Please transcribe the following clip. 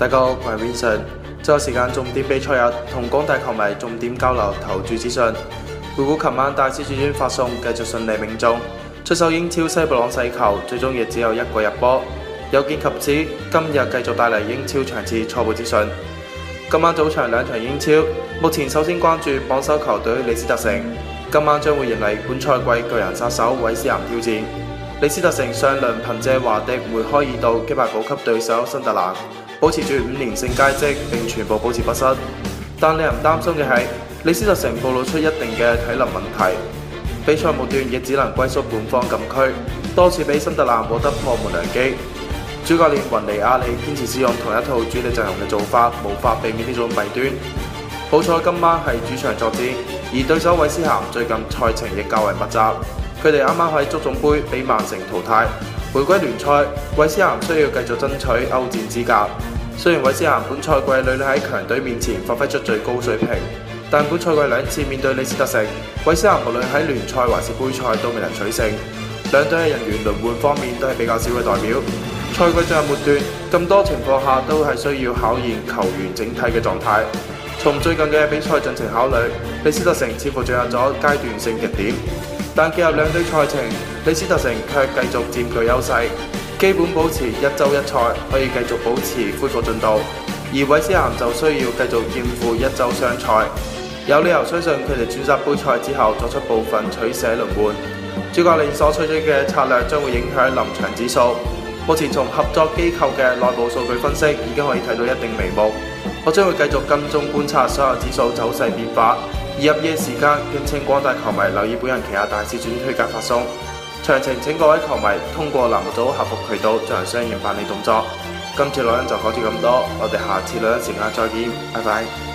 大家好，我係 Vincent，今日時間重點比賽日，同廣大球迷重點交流投注資訊。回顧琴晚大師主轉發送，繼續順利命中，出手英超西布朗細球，最終亦只有一個入波。有見及此，今日繼續帶嚟英超場次初步資訊。今晚早場兩場英超，目前首先關注榜首球隊李斯特城，今晚將會迎嚟本賽季巨人殺手韋斯咸挑戰。李斯特城上輪憑借華迪梅開二度擊敗保級對手辛特蘭，保持住五連勝佳績，並全部保持不失。但令人擔心嘅係，李斯特城暴露出一定嘅體能問題，比賽末段亦只能龜縮本方禁區，多次俾辛特蘭獲得破門良機。主教練雲尼亞里堅持使用同一套主力陣容嘅做法，無法避免呢種弊端。好彩今晚係主場作戰，而對手韋斯咸最近賽程亦較為密集。佢哋啱啱喺足總杯俾曼城淘汰，回歸聯賽，韋斯咸需要繼續爭取歐戰資格。雖然韋斯咸本賽季屢屢喺強隊面前發揮出最高水平，但本賽季兩次面對李斯特城，韋斯咸無論喺聯賽還是杯賽都未能取勝。兩隊嘅人員輪換方面都係比較少嘅代表。賽季進入末段，咁多情況下都係需要考驗球員整體嘅狀態。從最近嘅比賽進程考慮，李斯特城似乎進入咗階段性極點。但結合兩隊賽程，李斯特城卻繼續佔據優勢，基本保持一周一賽，可以繼續保持恢復進度。而韋斯咸就需要繼續兼顧一周雙賽，有理由相信佢哋轉札杯賽之後作出部分取捨輪換。主教練所採取嘅策略將會影響臨場指數。目前從合作機構嘅內部數據分析已經可以睇到一定眉目，我將會繼續跟蹤觀察所有指數走勢變化。而入夜時間，敬請廣大球迷留意本人旗下大使轉推介發送詳情。請各位球迷通過欄目組客服渠道進行相應辦理動作。今次錄音就講咗咁多，我哋下次錄音時間再見，拜拜。